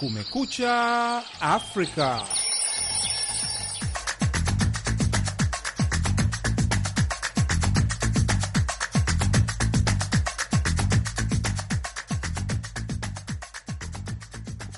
Kumekucha Afrika.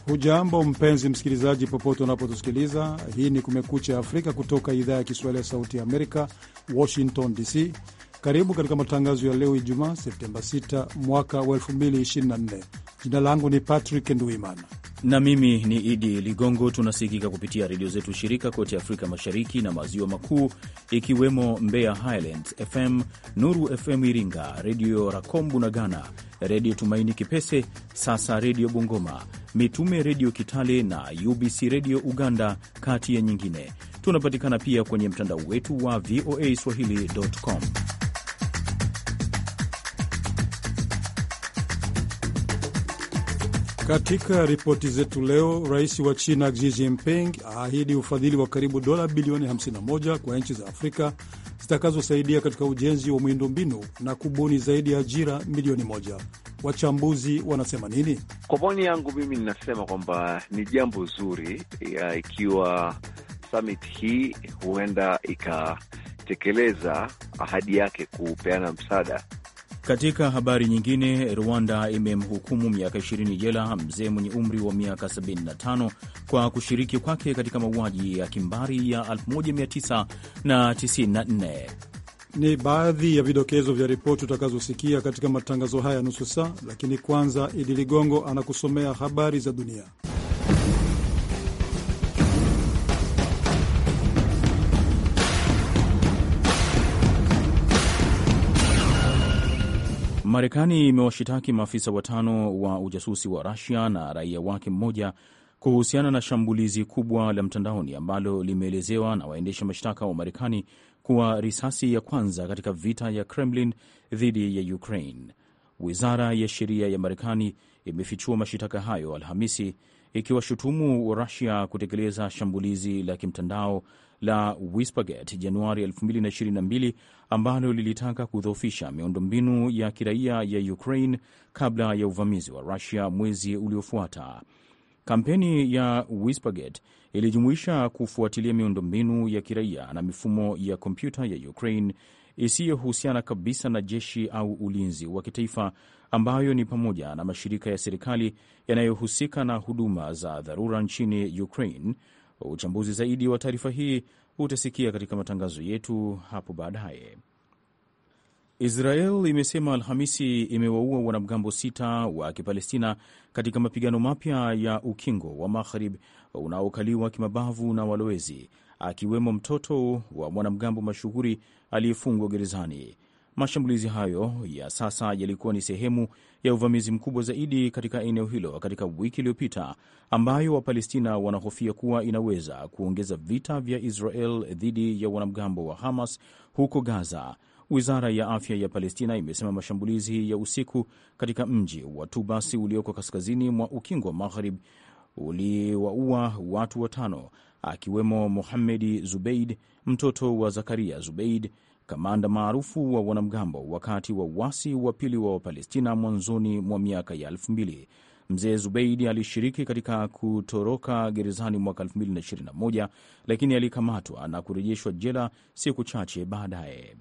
Hujambo mpenzi msikilizaji, popote unapotusikiliza. Hii ni Kumekucha Afrika kutoka idhaa ya Kiswahili ya Sauti ya Amerika, Washington DC. Karibu katika matangazo ya leo Ijumaa, Septemba 6 mwaka wa 2024. Jina langu ni Patrick Nduimana na mimi ni Idi Ligongo. Tunasikika kupitia redio zetu shirika kote Afrika Mashariki na Maziwa Makuu, ikiwemo Mbeya Highlands FM, Nuru FM Iringa, Redio Rakombu na Ghana, Redio Tumaini Kipese, Sasa Redio Bungoma, Mitume Redio Kitale na UBC Redio Uganda, kati ya nyingine. Tunapatikana pia kwenye mtandao wetu wa VOA swahili.com. Katika ripoti zetu leo, rais wa China Xi Jinping aahidi ufadhili wa karibu dola bilioni 51 kwa nchi za Afrika zitakazosaidia katika ujenzi wa miundombinu na kubuni zaidi ya ajira milioni moja. Wachambuzi wanasema nini? Kwa maoni yangu mimi, ninasema kwamba ni jambo zuri ikiwa summit hii huenda ikatekeleza ahadi yake kupeana msaada katika habari nyingine, Rwanda imemhukumu miaka 20 jela mzee mwenye umri wa miaka 75 kwa kushiriki kwake katika mauaji ya kimbari ya 1994. Ni baadhi ya vidokezo vya ripoti utakazosikia katika matangazo haya nusu saa, lakini kwanza Idi Ligongo anakusomea habari za dunia. Marekani imewashitaki maafisa watano wa ujasusi wa Rusia na raia wake mmoja kuhusiana na shambulizi kubwa la mtandaoni ambalo limeelezewa na waendesha mashtaka wa Marekani kuwa risasi ya kwanza katika vita ya Kremlin dhidi ya Ukraine. Wizara ya sheria ya Marekani imefichua mashitaka hayo Alhamisi, ikiwashutumu Rusia kutekeleza shambulizi la kimtandao la Whispergate Januari 2022 ambalo lilitaka kudhoofisha miundombinu ya kiraia ya Ukraine kabla ya uvamizi wa Rusia mwezi uliofuata. Kampeni ya Whispergate ilijumuisha kufuatilia miundombinu ya kiraia na mifumo ya kompyuta ya Ukraine isiyohusiana kabisa na jeshi au ulinzi wa kitaifa ambayo ni pamoja na mashirika ya serikali yanayohusika na huduma za dharura nchini Ukraine, Uchambuzi zaidi wa taarifa hii utasikia katika matangazo yetu hapo baadaye. Israel imesema Alhamisi imewaua wanamgambo sita wa Kipalestina katika mapigano mapya ya ukingo wa Maghrib unaokaliwa kimabavu na walowezi, akiwemo mtoto wa mwanamgambo mashuhuri aliyefungwa gerezani. Mashambulizi hayo ya sasa yalikuwa ni sehemu ya uvamizi mkubwa zaidi katika eneo hilo katika wiki iliyopita, ambayo Wapalestina wanahofia kuwa inaweza kuongeza vita vya Israel dhidi ya wanamgambo wa Hamas huko Gaza. Wizara ya afya ya Palestina imesema mashambulizi ya usiku katika mji wa Tubasi ulioko kaskazini mwa ukingo wa magharibi uliwaua watu watano akiwemo Muhamedi Zubeid, mtoto wa Zakaria Zubeid kamanda maarufu wa wanamgambo wakati wa uasi wa pili wa Wapalestina mwanzoni mwa miaka ya 2000. Mzee Zubeidi alishiriki katika kutoroka gerezani mwaka 2021 lakini alikamatwa na kurejeshwa jela siku chache baadaye.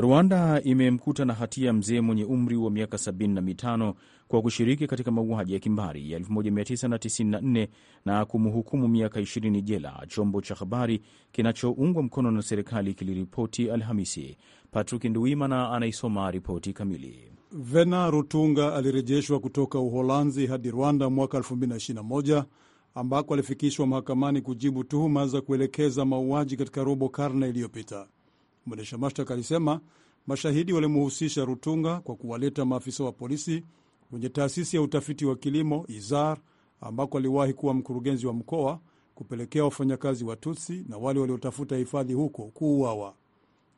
Rwanda imemkuta na hatia mzee mwenye umri wa miaka 75 kwa kushiriki katika mauaji ya kimbari ya 1994 na kumhukumu miaka 20 jela, chombo cha habari kinachoungwa mkono na serikali kiliripoti Alhamisi. Patrick nduimana anaisoma ripoti kamili. Vena Rutunga alirejeshwa kutoka Uholanzi hadi Rwanda mwaka 2021 ambako alifikishwa mahakamani kujibu tuhuma za kuelekeza mauaji katika robo karne iliyopita. Mwendesha mashtaka alisema mashahidi walimhusisha Rutunga kwa kuwaleta maafisa wa polisi kwenye taasisi ya utafiti wa kilimo IZAR ambako aliwahi kuwa mkurugenzi wa mkoa, kupelekea wafanyakazi wa Tutsi na wale waliotafuta hifadhi huko kuuawa.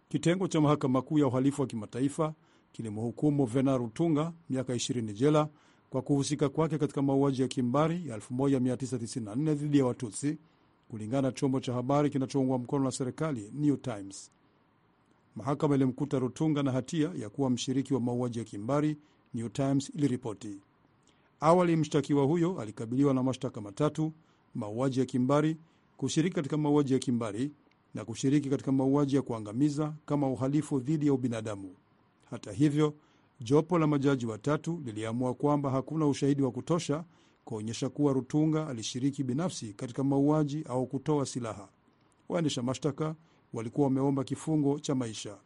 Kitengo cha mahakama kuu ya uhalifu wa kimataifa kilimhukumu Vena Rutunga miaka 20 jela kwa kuhusika kwake katika mauaji ya kimbari ya 1994 dhidi ya Watutsi, kulingana na chombo cha habari kinachoungwa mkono na serikali New Times. Mahakama ilimkuta Rutunga na hatia ya kuwa mshiriki wa mauaji ya kimbari, New Times iliripoti. Awali mshtakiwa huyo alikabiliwa na mashtaka matatu: mauaji ya kimbari, kushiriki katika mauaji ya kimbari na kushiriki katika mauaji ya kuangamiza kama uhalifu dhidi ya ubinadamu. Hata hivyo, jopo la majaji watatu liliamua kwamba hakuna ushahidi wa kutosha kuonyesha kuwa Rutunga alishiriki binafsi katika mauaji au kutoa silaha. Waendesha mashtaka walikuwa wameomba kifungo cha maisha.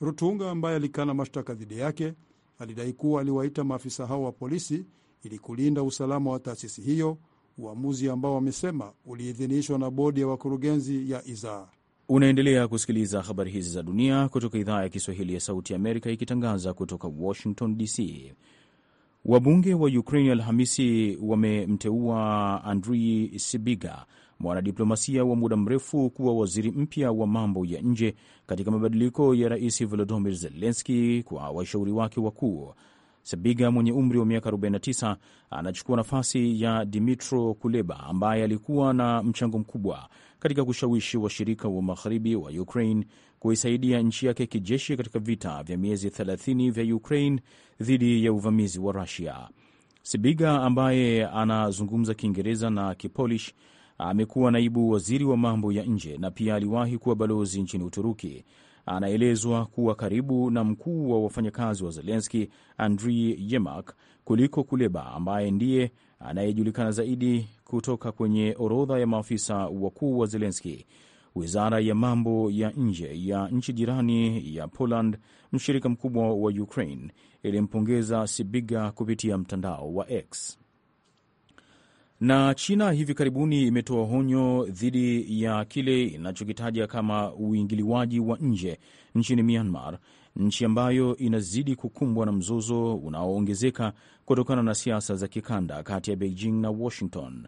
Rutunga ambaye alikana mashtaka dhidi yake alidai kuwa aliwaita maafisa hao wa polisi ili kulinda usalama wa taasisi hiyo, uamuzi ambao wamesema uliidhinishwa na bodi ya wakurugenzi ya Izaa. Unaendelea kusikiliza habari hizi za dunia kutoka idhaa ya Kiswahili ya Sauti Amerika ikitangaza kutoka Washington DC. Wabunge wa Ukraini Alhamisi wamemteua Andrii Sibiga mwanadiplomasia wa muda mrefu kuwa waziri mpya wa mambo ya nje katika mabadiliko ya rais Volodymyr Zelenski kwa washauri wake wakuu. Sabiga mwenye umri wa miaka 49 anachukua nafasi ya Dimitro Kuleba ambaye alikuwa na mchango mkubwa katika kushawishi washirika wa, wa magharibi wa Ukraine kuisaidia nchi yake kijeshi katika vita vya miezi 30 vya Ukraine dhidi ya uvamizi wa Rusia. Sibiga ambaye anazungumza Kiingereza na Kipolish amekuwa naibu waziri wa mambo ya nje na pia aliwahi kuwa balozi nchini Uturuki. Anaelezwa kuwa karibu na mkuu wa wafanyakazi wa Zelenski, Andrii Yemak, kuliko Kuleba ambaye ndiye anayejulikana zaidi kutoka kwenye orodha ya maafisa wakuu wa Zelenski. Wizara ya mambo ya nje ya nchi jirani ya Poland, mshirika mkubwa wa Ukraine, ilimpongeza Sibiga kupitia mtandao wa X. Na China hivi karibuni imetoa onyo dhidi ya kile inachokitaja kama uingiliwaji wa nje nchini Myanmar, nchi ambayo inazidi kukumbwa na mzozo unaoongezeka kutokana na siasa za kikanda kati ya Beijing na Washington.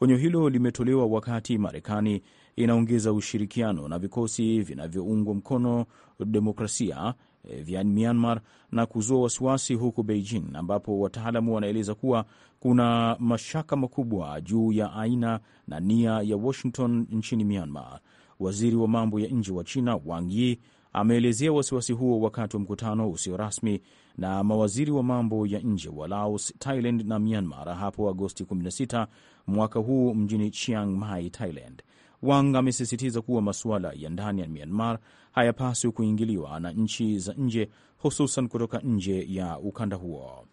Onyo hilo limetolewa wakati Marekani inaongeza ushirikiano na vikosi vinavyoungwa mkono demokrasia Eh, vya Myanmar na kuzua wasiwasi huko Beijing, ambapo wataalamu wanaeleza kuwa kuna mashaka makubwa juu ya aina na nia ya Washington nchini Myanmar. Waziri wa mambo ya nje wa China Wang Yi ameelezea wasiwasi huo wakati wa mkutano usio rasmi na mawaziri wa mambo ya nje wa Laos, Thailand na Myanmar hapo Agosti 16 mwaka huu mjini Chiang Mai, Thailand. Wang amesisitiza kuwa masuala ya ndani ya Myanmar hayapaswi kuingiliwa na nchi za nje, hususan kutoka nje ya ukanda huo.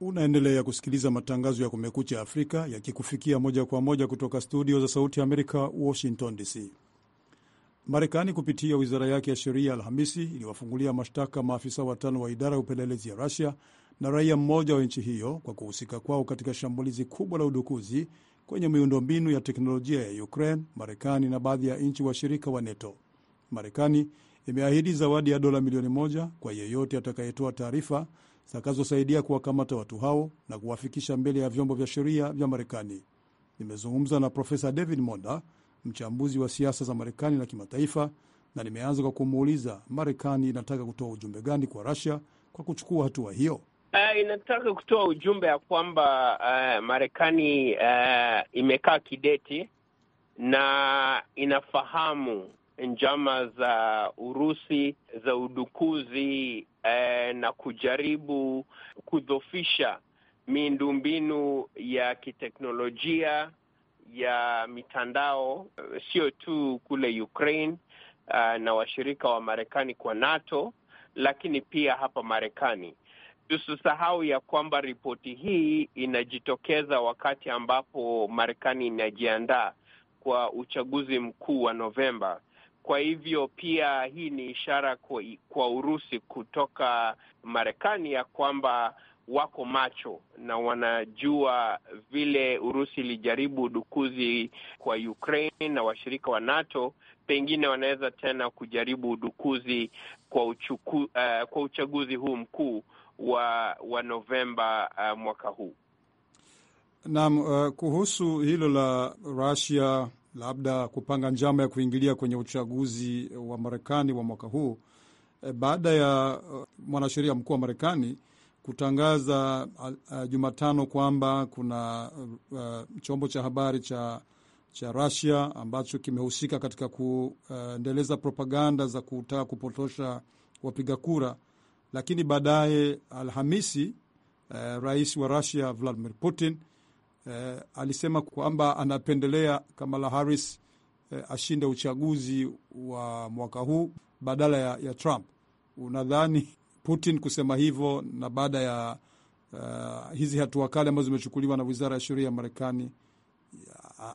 Unaendelea kusikiliza matangazo ya Kumekucha Afrika yakikufikia moja kwa moja kutoka studio za Sauti ya Amerika, Washington DC. Marekani kupitia wizara yake ya sheria Alhamisi iliwafungulia mashtaka maafisa watano wa idara ya upelelezi ya Rusia na raia mmoja wa nchi hiyo kwa kuhusika kwao katika shambulizi kubwa la udukuzi kwenye miundombinu ya teknolojia ya Ukraine, Marekani na baadhi ya nchi washirika wa NATO. Marekani imeahidi zawadi ya dola milioni moja kwa yeyote atakayetoa taarifa zitakazosaidia kuwakamata watu hao na kuwafikisha mbele ya vyombo vya sheria vya Marekani. Nimezungumza na Profesa David Monda, mchambuzi wa siasa za Marekani na kimataifa, na nimeanza kwa kumuuliza Marekani inataka kutoa ujumbe gani kwa Russia kwa kuchukua hatua hiyo. Uh, inataka kutoa ujumbe ya kwamba uh, Marekani uh, imekaa kidete na inafahamu njama za Urusi za udukuzi uh, na kujaribu kudhofisha miundombinu ya kiteknolojia ya mitandao eh, sio tu kule Ukraine uh, na washirika wa Marekani kwa NATO, lakini pia hapa Marekani. Tusisahau ya kwamba ripoti hii inajitokeza wakati ambapo Marekani inajiandaa kwa uchaguzi mkuu wa Novemba. Kwa hivyo pia hii ni ishara kwa, kwa Urusi kutoka Marekani ya kwamba wako macho na wanajua vile Urusi ilijaribu udukuzi kwa Ukraine na washirika wa NATO, pengine wanaweza tena kujaribu udukuzi kwa, uchuku, uh, kwa uchaguzi huu mkuu wa, wa Novemba uh, mwaka huu. Naam, uh, kuhusu hilo la Russia labda kupanga njama ya kuingilia kwenye uchaguzi wa Marekani wa mwaka huu, baada ya mwanasheria mkuu wa Marekani kutangaza uh, uh, Jumatano kwamba kuna uh, chombo cha habari cha cha Russia ambacho kimehusika katika kuendeleza uh, propaganda za kutaka kupotosha wapiga kura, lakini baadaye Alhamisi uh, rais wa Russia Vladimir Putin uh, alisema kwamba anapendelea Kamala Harris uh, ashinde uchaguzi wa mwaka huu badala ya, ya Trump. Unadhani Putin kusema hivyo na baada ya uh, hizi hatua kali ambazo zimechukuliwa na wizara ya sheria ya Marekani,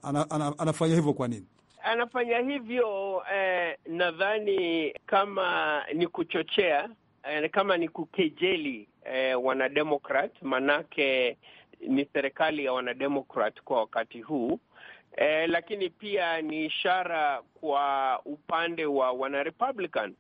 ana, ana, anafanya hivyo kwa nini? Anafanya hivyo eh, nadhani kama ni kuchochea eh, kama ni kukejeli eh, wanademokrat, manake ni serikali ya wanademokrat kwa wakati huu eh, lakini pia ni ishara kwa upande wa wanarepublican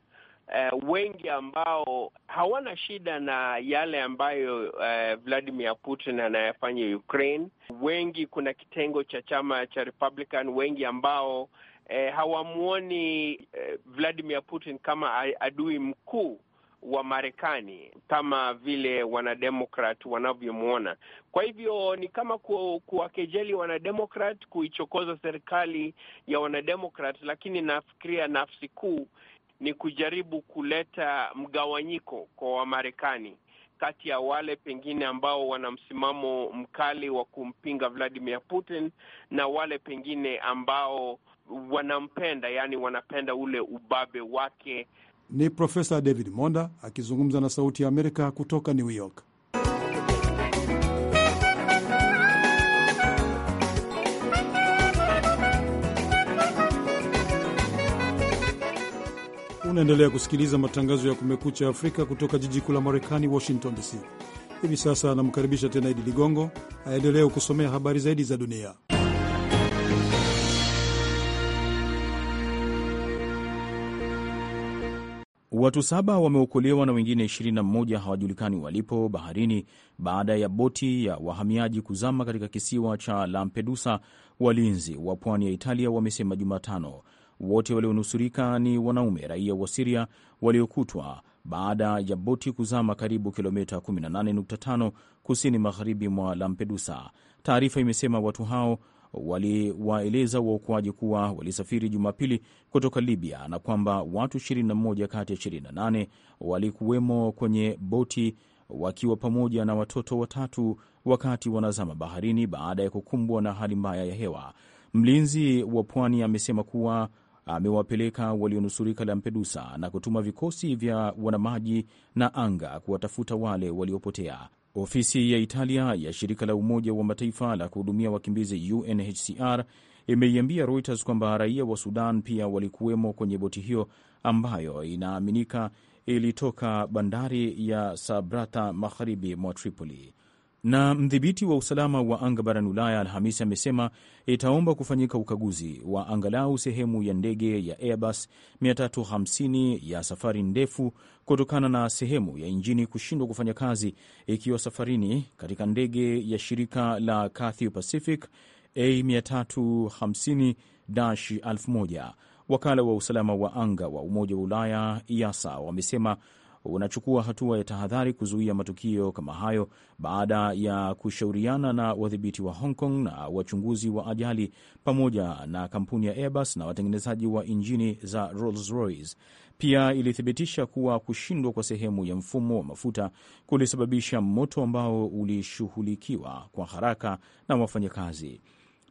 uh, wengi ambao hawana shida na yale ambayo uh, Vladimir Putin anayafanya Ukraine. Wengi, kuna kitengo cha chama cha Republican wengi ambao uh, eh, hawamwoni uh, Vladimir Putin kama adui mkuu wa Marekani kama vile wanademokrat wanavyomwona. Kwa hivyo ni kama ku, kuwakejeli wanademokrat, kuichokoza serikali ya wanademokrat, lakini nafikiria nafsi kuu ni kujaribu kuleta mgawanyiko kwa Wamarekani kati ya wale pengine ambao wana msimamo mkali wa kumpinga Vladimir Putin na wale pengine ambao wanampenda, yaani wanapenda ule ubabe wake. Ni Profesa David Monda akizungumza na Sauti ya Amerika kutoka New York. Unaendelea kusikiliza matangazo ya Kumekucha Afrika kutoka jiji kuu la Marekani, Washington DC. Hivi sasa anamkaribisha tena Idi Ligongo aendelee kusomea habari zaidi za dunia. Watu saba wameokolewa na wengine 21 hawajulikani walipo baharini baada ya boti ya wahamiaji kuzama katika kisiwa cha Lampedusa, walinzi wa pwani ya Italia wamesema Jumatano. Wote walionusurika ni wanaume raia wa Siria waliokutwa baada ya boti kuzama karibu kilomita 18.5 kusini magharibi mwa Lampedusa. Taarifa imesema watu hao waliwaeleza waokoaji kuwa walisafiri Jumapili kutoka Libya na kwamba watu 21 kati ya 28 walikuwemo kwenye boti wakiwa pamoja na watoto watatu wakati wanazama baharini baada ya kukumbwa na hali mbaya ya hewa. Mlinzi wa pwani amesema kuwa amewapeleka walionusurika Lampedusa na kutuma vikosi vya wanamaji na anga kuwatafuta wale waliopotea. Ofisi ya Italia ya shirika la Umoja wa Mataifa la kuhudumia wakimbizi UNHCR imeiambia Reuters kwamba raia wa Sudan pia walikuwemo kwenye boti hiyo ambayo inaaminika ilitoka bandari ya Sabrata magharibi mwa Tripoli. Na mdhibiti wa usalama wa anga barani Ulaya Alhamisi amesema itaomba kufanyika ukaguzi wa angalau sehemu ya ndege ya Airbus 350 ya safari ndefu kutokana na sehemu ya injini kushindwa kufanya kazi ikiwa safarini katika ndege ya shirika la Cathay Pacific A350-1000. Wakala wa usalama wa anga wa Umoja wa Ulaya iasa wamesema unachukua hatua ya tahadhari kuzuia matukio kama hayo baada ya kushauriana na wadhibiti wa Hong Kong na wachunguzi wa ajali pamoja na kampuni ya Airbus na watengenezaji wa injini za Rolls-Royce. Pia ilithibitisha kuwa kushindwa kwa sehemu ya mfumo wa mafuta kulisababisha moto ambao ulishughulikiwa kwa haraka na wafanyakazi.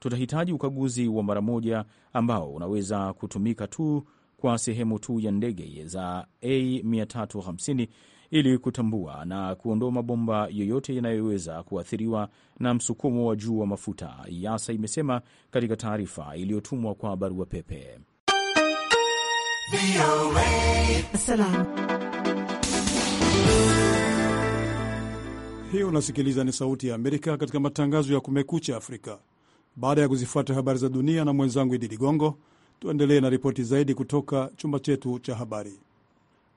Tutahitaji ukaguzi wa mara moja ambao unaweza kutumika tu kwa sehemu tu ya ndege za A350 ili kutambua na kuondoa mabomba yoyote yanayoweza kuathiriwa na msukumo wa juu wa mafuta, YASA imesema katika taarifa iliyotumwa kwa barua pepe. Hiyo unasikiliza ni Sauti ya Amerika katika matangazo ya Kumekucha Afrika. Baada ya kuzifuata habari za dunia na mwenzangu Idi Ligongo, Tuendelee na ripoti zaidi kutoka chumba chetu cha habari.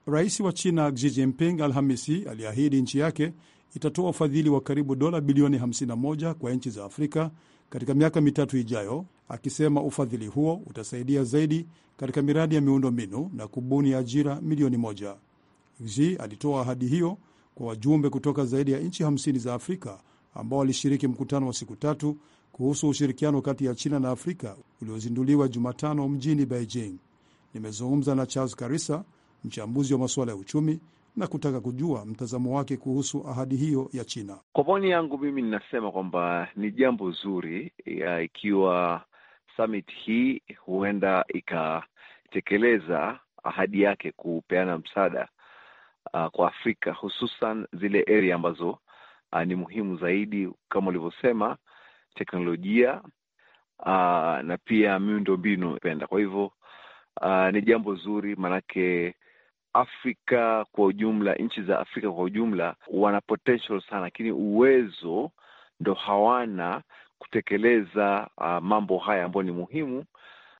Rais wa China Xi Jinping Alhamisi aliahidi nchi yake itatoa ufadhili wa karibu dola bilioni 51 kwa nchi za Afrika katika miaka mitatu ijayo, akisema ufadhili huo utasaidia zaidi katika miradi ya miundo mbinu na kubuni ajira milioni moja. Xi alitoa ahadi hiyo kwa wajumbe kutoka zaidi ya nchi 50 za Afrika ambao walishiriki mkutano wa siku tatu kuhusu ushirikiano kati ya China na Afrika uliozinduliwa Jumatano mjini Beijing. Nimezungumza na Charles Karisa, mchambuzi wa masuala ya uchumi na kutaka kujua mtazamo wake kuhusu ahadi hiyo ya China. Kwa maoni yangu mimi, ninasema kwamba ni jambo zuri ya ikiwa summit hii huenda ikatekeleza ahadi yake kupeana msaada uh, kwa Afrika hususan zile area ambazo uh, ni muhimu zaidi kama ulivyosema teknolojia uh, na pia miundo mbinu penda. Kwa hivyo uh, ni jambo zuri, maanake Afrika kwa ujumla, nchi za Afrika kwa ujumla wana potential sana, lakini uwezo ndo hawana kutekeleza uh, mambo haya ambayo ni muhimu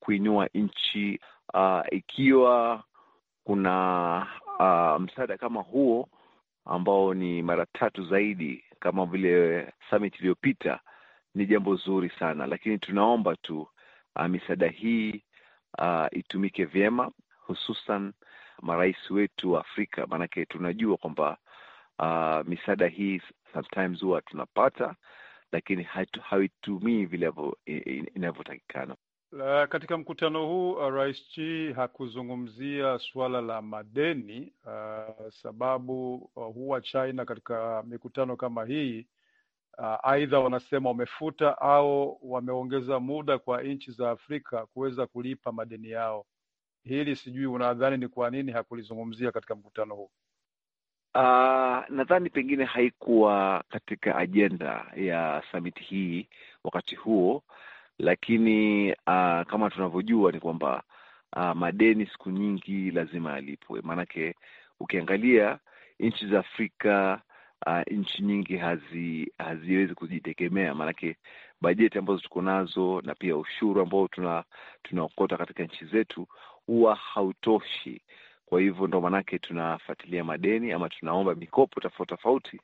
kuinua nchi uh, ikiwa kuna uh, msaada kama huo ambao ni mara tatu zaidi kama vile summit iliyopita ni jambo zuri sana, lakini tunaomba tu uh, misaada hii uh, itumike vyema, hususan marais wetu wa Afrika, maanake tunajua kwamba uh, misaada hii sometimes huwa tunapata lakini haitumii vile inavyotakikana. Katika mkutano huu uh, Rais Xi hakuzungumzia suala la madeni uh, sababu uh, huwa China katika mikutano kama hii Uh, aidha, wanasema wamefuta au wameongeza muda kwa nchi za Afrika kuweza kulipa madeni yao. Hili sijui unadhani ni kwa nini hakulizungumzia katika mkutano huu? Uh, nadhani pengine haikuwa katika ajenda ya samiti hii wakati huo, lakini uh, kama tunavyojua ni kwamba uh, madeni siku nyingi lazima yalipwe, maanake ukiangalia nchi za Afrika uh, nchi nyingi hazi, haziwezi kujitegemea, maanake bajeti ambazo tuko nazo na pia ushuru ambao tuna tunaokota katika nchi zetu huwa hautoshi. Kwa hivyo ndo maanake tunafuatilia madeni ama tunaomba mikopo tofauti tofauti,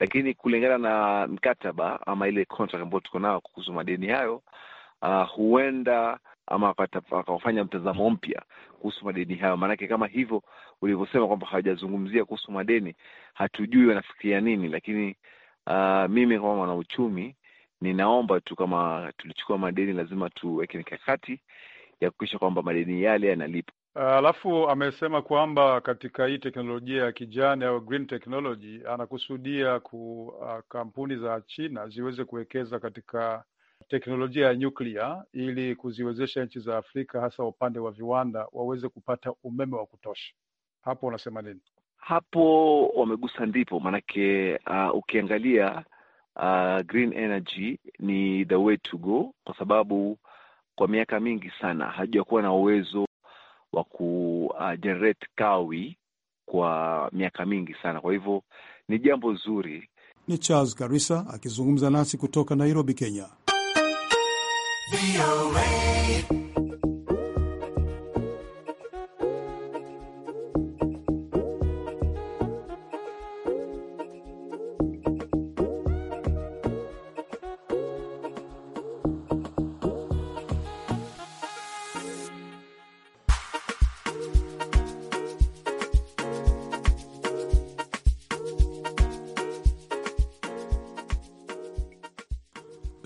lakini kulingana na mkataba ama ile contract ambayo tuko nao kuhusu madeni hayo, uh, huenda ama akafanya mtazamo mpya kuhusu madeni hayo. Maanake kama hivyo ulivyosema kwamba hawajazungumzia kuhusu madeni, hatujui wanafikiria nini. Lakini uh, mimi kama mwanauchumi ninaomba tu, kama tulichukua madeni, lazima tuweke mikakati ya kuhakikisha kwamba madeni yale yanalipa. Ah, alafu uh, amesema kwamba katika hii teknolojia ya kijani au green technology anakusudia ku uh, kampuni za China ziweze kuwekeza katika teknolojia ya nyuklia ili kuziwezesha nchi za Afrika hasa upande wa viwanda waweze kupata umeme wa kutosha. Hapo unasema nini? Hapo wamegusa ndipo, maanake uh, ukiangalia uh, green energy ni the way to go, kwa sababu kwa miaka mingi sana hajakuwa na uwezo wa ku uh, generate kawi kwa miaka mingi sana. Kwa hivyo ni jambo zuri. Ni Charles Karisa akizungumza nasi kutoka Nairobi, Kenya. VOA.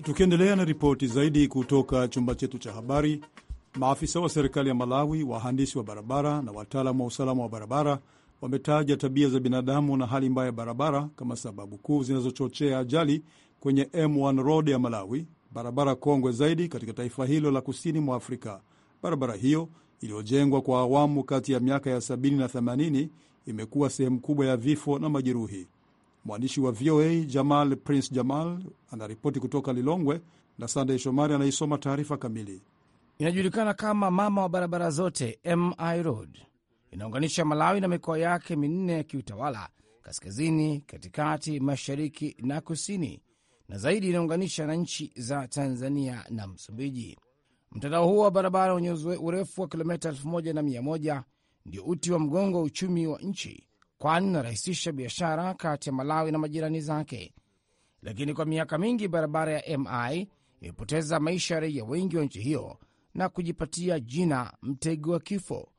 Tukiendelea na ripoti zaidi kutoka chumba chetu cha habari, maafisa wa serikali ya Malawi, wahandisi wa barabara na wataalamu wa usalama wa barabara wametaja tabia za binadamu na hali mbaya ya barabara kama sababu kuu zinazochochea ajali kwenye M1 Road ya Malawi, barabara kongwe zaidi katika taifa hilo la kusini mwa Afrika. Barabara hiyo iliyojengwa kwa awamu kati ya miaka ya 70 na 80 imekuwa sehemu kubwa ya vifo na majeruhi. Mwandishi wa VOA Jamal Prince Jamal anaripoti kutoka Lilongwe na Sandey Shomari anaisoma taarifa kamili. Inajulikana kama mama wa barabara zote, MI Road inaunganisha Malawi na mikoa yake minne ya kiutawala kaskazini, katikati, mashariki na kusini, na zaidi inaunganisha na nchi za Tanzania na Msumbiji. Mtandao huo wa barabara wenye urefu wa kilomita 1100 ndio uti wa mgongo wa uchumi wa nchi kwani inarahisisha biashara kati ya Malawi na majirani zake. Lakini kwa miaka mingi barabara ya MI imepoteza maisha ya raia wengi wa nchi hiyo na kujipatia jina mtego wa kifo.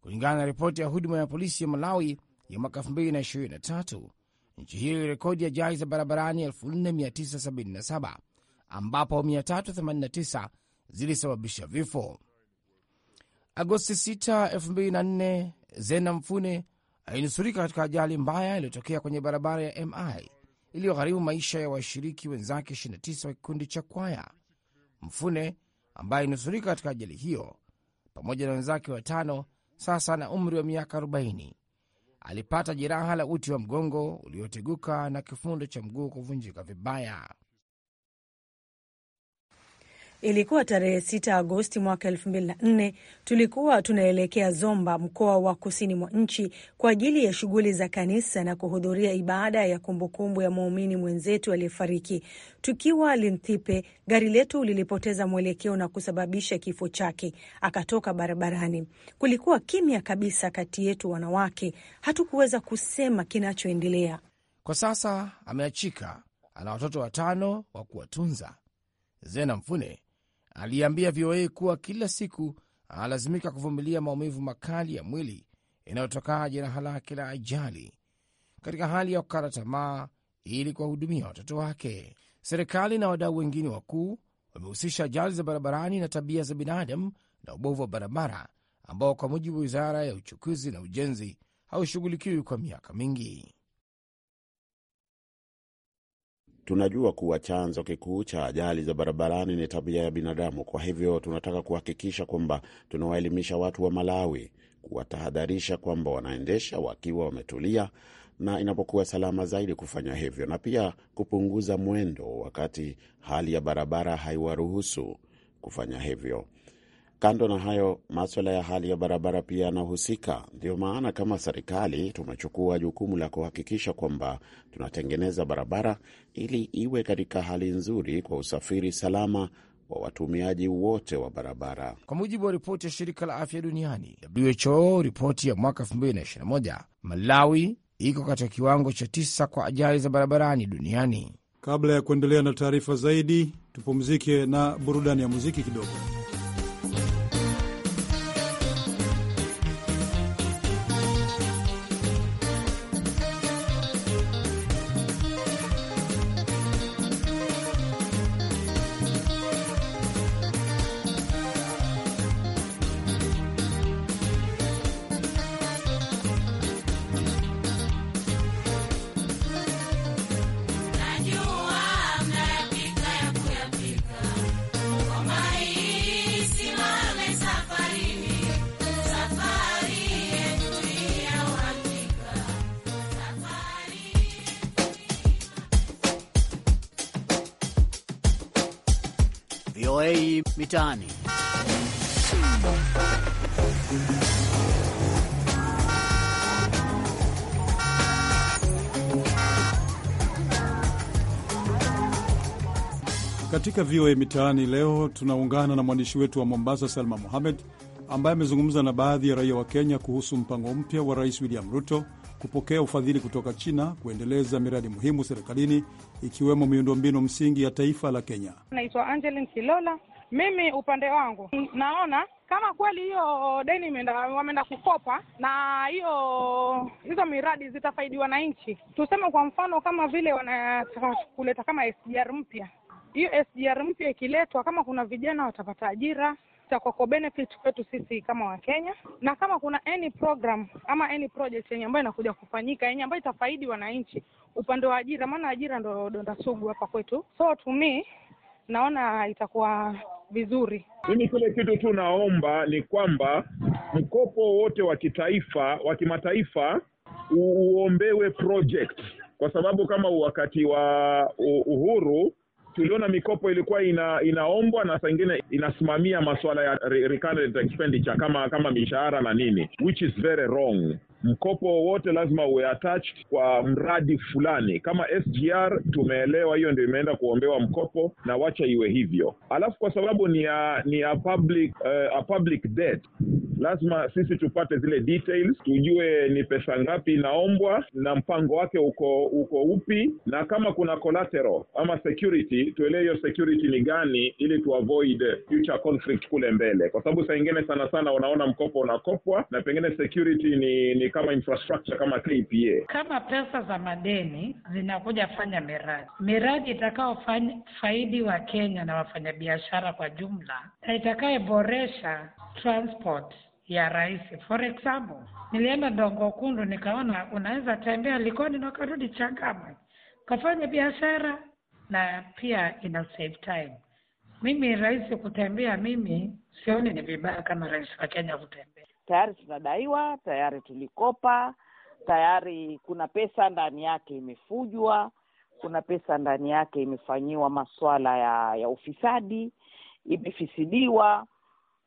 Kulingana na ripoti ya huduma ya polisi ya Malawi ya mwaka 2023, nchi hiyo ilirekodi ajali za barabarani 4977 ambapo 389 zilisababisha vifo. Agosti 6, 2004, Zena Mfune alinusurika katika ajali mbaya iliyotokea kwenye barabara ya MI iliyogharimu maisha ya washiriki wenzake 29 wa kikundi cha kwaya. Mfune ambaye alinusurika katika ajali hiyo pamoja na wenzake watano, sasa na umri wa miaka 40, alipata jeraha la uti wa mgongo ulioteguka na kifundo cha mguu kuvunjika vibaya. Ilikuwa tarehe 6 Agosti mwaka 2004. Tulikuwa tunaelekea Zomba, mkoa wa kusini mwa nchi, kwa ajili ya shughuli za kanisa na kuhudhuria ibada ya kumbukumbu ya muumini mwenzetu aliyefariki. Tukiwa Linthipe, gari letu lilipoteza mwelekeo na kusababisha kifo chake, akatoka barabarani. Kulikuwa kimya kabisa kati yetu wanawake, hatukuweza kusema kinachoendelea. Kwa sasa ameachika, ana watoto watano wa kuwatunza. Zena Mfune aliambia VOA kuwa kila siku analazimika kuvumilia maumivu makali ya mwili inayotokana jeraha lake la ajali, katika hali ya kukata tamaa ili kuwahudumia watoto wake. Serikali na wadau wengine wakuu wamehusisha ajali za barabarani na tabia za binadamu na ubovu wa barabara ambao kwa mujibu wa wizara ya uchukuzi na ujenzi haushughulikiwi kwa miaka mingi. Tunajua kuwa chanzo kikuu cha ajali za barabarani ni tabia ya binadamu. Kwa hivyo tunataka kuhakikisha kwamba tunawaelimisha watu wa Malawi, kuwatahadharisha kwamba wanaendesha wakiwa wametulia na inapokuwa salama zaidi kufanya hivyo, na pia kupunguza mwendo wakati hali ya barabara haiwaruhusu kufanya hivyo. Kando na hayo, maswala ya hali ya barabara pia yanahusika. Ndio maana kama serikali tumechukua jukumu la kuhakikisha kwamba tunatengeneza barabara ili iwe katika hali nzuri kwa usafiri salama wa watumiaji wote wa barabara. Kwa mujibu wa ripoti ya shirika la afya duniani WHO, ripoti ya mwaka 2021, Malawi iko katika kiwango cha tisa kwa ajali za barabarani duniani. Kabla ya kuendelea na taarifa zaidi, tupumzike na burudani ya muziki kidogo. mitaani. Katika VOA Mitaani leo tunaungana na mwandishi wetu wa Mombasa, Salma Mohamed, ambaye amezungumza na baadhi ya raia wa Kenya kuhusu mpango mpya wa Rais William Ruto kupokea ufadhili kutoka China kuendeleza miradi muhimu serikalini ikiwemo miundombinu msingi ya taifa la Kenya. Naitwa Angeline Silola, mimi upande wangu naona kama kweli hiyo deni wameenda kukopa na hiyo hizo miradi zitafaidi wananchi, tuseme kwa mfano kama vile wanataka kuleta kama SGR mpya, hiyo SGR mpya ikiletwa, kama kuna vijana watapata ajira itakuwa kwa benefit kwetu sisi kama Wakenya, na kama kuna any program ama any project yenye ambayo inakuja kufanyika yenye ambayo itafaidi wananchi upande wa ajira, maana ajira ndo donda sugu hapa kwetu. So to me naona itakuwa vizuri. Mimi kile kitu tu naomba ni kwamba mkopo wote wa kitaifa wa kimataifa uombewe project, kwa sababu kama wakati wa uhuru tuliona mikopo ilikuwa ina, inaombwa na saa ingine inasimamia maswala ya recurrent expenditure kama kama mishahara na nini which is very wrong mkopo wowote lazima uwe attached kwa mradi fulani kama sgr tumeelewa hiyo ndio imeenda kuombewa mkopo na wacha iwe hivyo alafu kwa sababu ni ya, ni ya public, uh, a public debt lazima sisi tupate zile details, tujue ni pesa ngapi inaombwa na mpango wake uko uko upi, na kama kuna collateral ama security, tuelewe hiyo security ni gani, ili tu avoid future conflict kule mbele, kwa sababu saa ingine sana sana unaona mkopo unakopwa na pengine security ni ni kama infrastructure kama KPA. Kama pesa za madeni zinakuja fanya miradi miradi itakaofaidi faidi wa Kenya na wafanyabiashara kwa jumla na itakayoboresha transport ya rais. For example, nilienda Dongo Kundu nikaona unaweza tembea Likoni na ukarudi Changama kafanya biashara na pia ina save time. Mimi rais kutembea, mimi sioni ni vibaya kama rais wa Kenya kutembea. Tayari tunadaiwa, tayari tulikopa, tayari kuna pesa ndani yake imefujwa, kuna pesa ndani yake imefanyiwa masuala ya, ya ufisadi, imefisidiwa.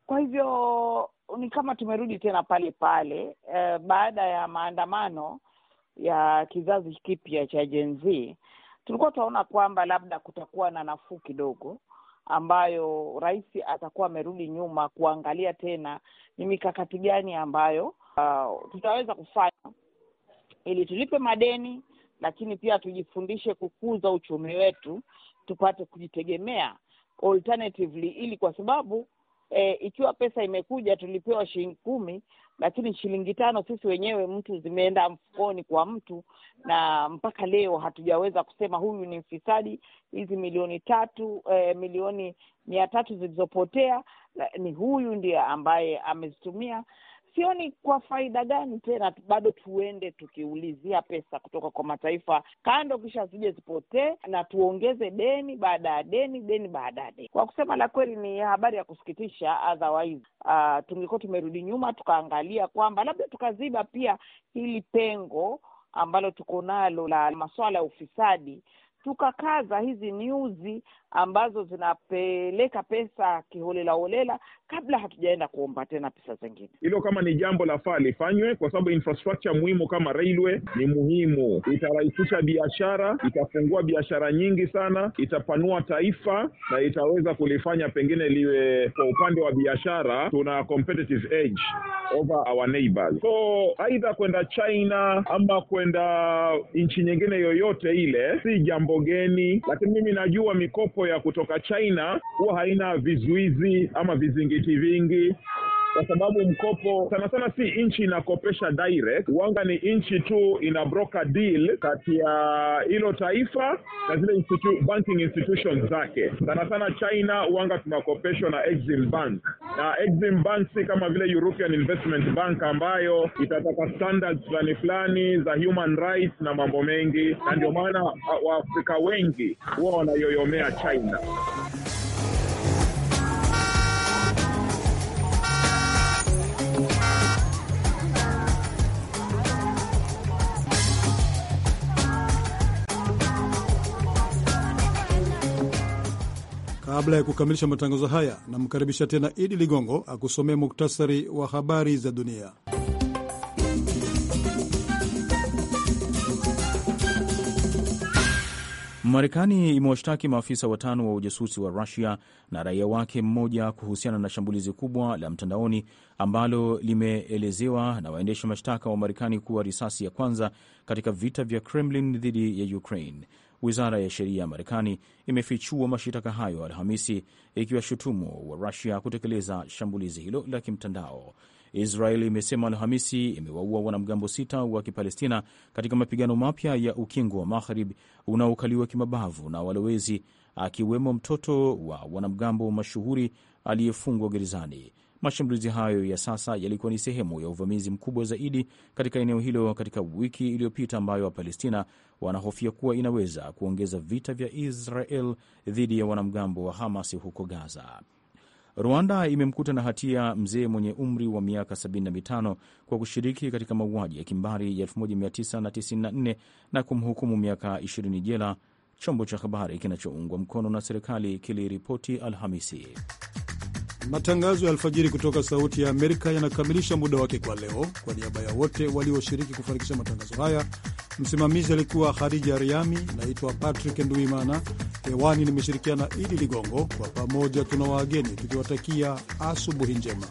Kwa hivyo ni kama tumerudi tena pale pale eh, baada ya maandamano ya kizazi kipya cha Gen Z tulikuwa tunaona kwamba labda kutakuwa na nafuu kidogo ambayo rais atakuwa amerudi nyuma kuangalia tena ni mikakati gani ambayo uh, tutaweza kufanya ili tulipe madeni, lakini pia tujifundishe kukuza uchumi wetu tupate kujitegemea alternatively, ili kwa sababu e, ikiwa pesa imekuja tulipewa shilingi kumi lakini shilingi tano sisi wenyewe mtu zimeenda mfukoni kwa mtu na mpaka leo hatujaweza kusema huyu ni mfisadi hizi milioni tatu e, milioni mia tatu zilizopotea ni huyu ndiye ambaye amezitumia sioni kwa faida gani tena bado tuende tukiulizia pesa kutoka kwa mataifa kando, kisha zije zipotee na tuongeze deni baada ya deni deni baada ya deni. Kwa kusema la kweli, ni habari ya kusikitisha. Otherwise uh, tungekuwa tumerudi nyuma tukaangalia kwamba labda tukaziba pia hili pengo ambalo tuko nalo la masuala ya ufisadi tukakaza hizi nyuzi ambazo zinapeleka pesa kiholelaholela kabla hatujaenda kuomba tena pesa zingine. Hilo kama ni jambo la faa lifanywe, kwa sababu infrastructure muhimu kama railway ni muhimu, itarahisisha biashara, itafungua biashara nyingi sana, itapanua taifa na itaweza kulifanya pengine liwe kwa upande wa biashara, tuna competitive edge over our neighbors. So aidha kwenda China ama kwenda nchi nyingine yoyote ile si jambo geni, lakini mimi najua mikopo ya kutoka China huwa haina vizuizi ama vizingiti vingi kwa sababu mkopo sana sana si nchi inakopesha direct, wanga ni nchi tu ina broker deal kati ya hilo taifa na zile institu, banking institutions zake. Sana sana China wanga tunakopeshwa na Exim Bank, na Exim Bank si kama vile European Investment Bank ambayo itataka standards fulani fulani za human rights na mambo mengi, na ndio maana Waafrika wengi huwa wanayoyomea China. Kabla ya kukamilisha matangazo haya, namkaribisha tena Idi Ligongo akusomea muktasari wa habari za dunia. Marekani imewashtaki maafisa watano wa ujasusi wa Rusia na raia wake mmoja kuhusiana na shambulizi kubwa la mtandaoni ambalo limeelezewa na waendesha mashtaka wa Marekani kuwa risasi ya kwanza katika vita vya Kremlin dhidi ya Ukraine. Wizara ya sheria ya Marekani imefichua mashitaka hayo Alhamisi, ikiwashutumu wa Rusia kutekeleza shambulizi hilo la kimtandao. Israeli imesema Alhamisi imewaua wanamgambo sita wa Kipalestina katika mapigano mapya ya Ukingo wa Magharibi unaokaliwa kimabavu na walowezi, akiwemo mtoto wa wanamgambo mashuhuri aliyefungwa gerezani. Mashambulizi hayo ya sasa yalikuwa ni sehemu ya uvamizi mkubwa zaidi katika eneo hilo katika wiki iliyopita, ambayo Wapalestina wanahofia kuwa inaweza kuongeza vita vya Israel dhidi ya wanamgambo wa Hamas huko Gaza. Rwanda imemkuta na hatia mzee mwenye umri wa miaka 75 kwa kushiriki katika mauaji ya kimbari ya 1994 na kumhukumu miaka 20 jela, chombo cha habari kinachoungwa mkono na serikali kiliripoti Alhamisi. Matangazo ya alfajiri kutoka Sauti ya Amerika yanakamilisha muda wake kwa leo. Kwa niaba ya wote walioshiriki kufanikisha matangazo haya, msimamizi alikuwa Khadija Riami. Naitwa Patrick Nduimana, hewani nimeshirikiana Idi Ligongo. Kwa pamoja tuna wageni tukiwatakia asubuhi njema.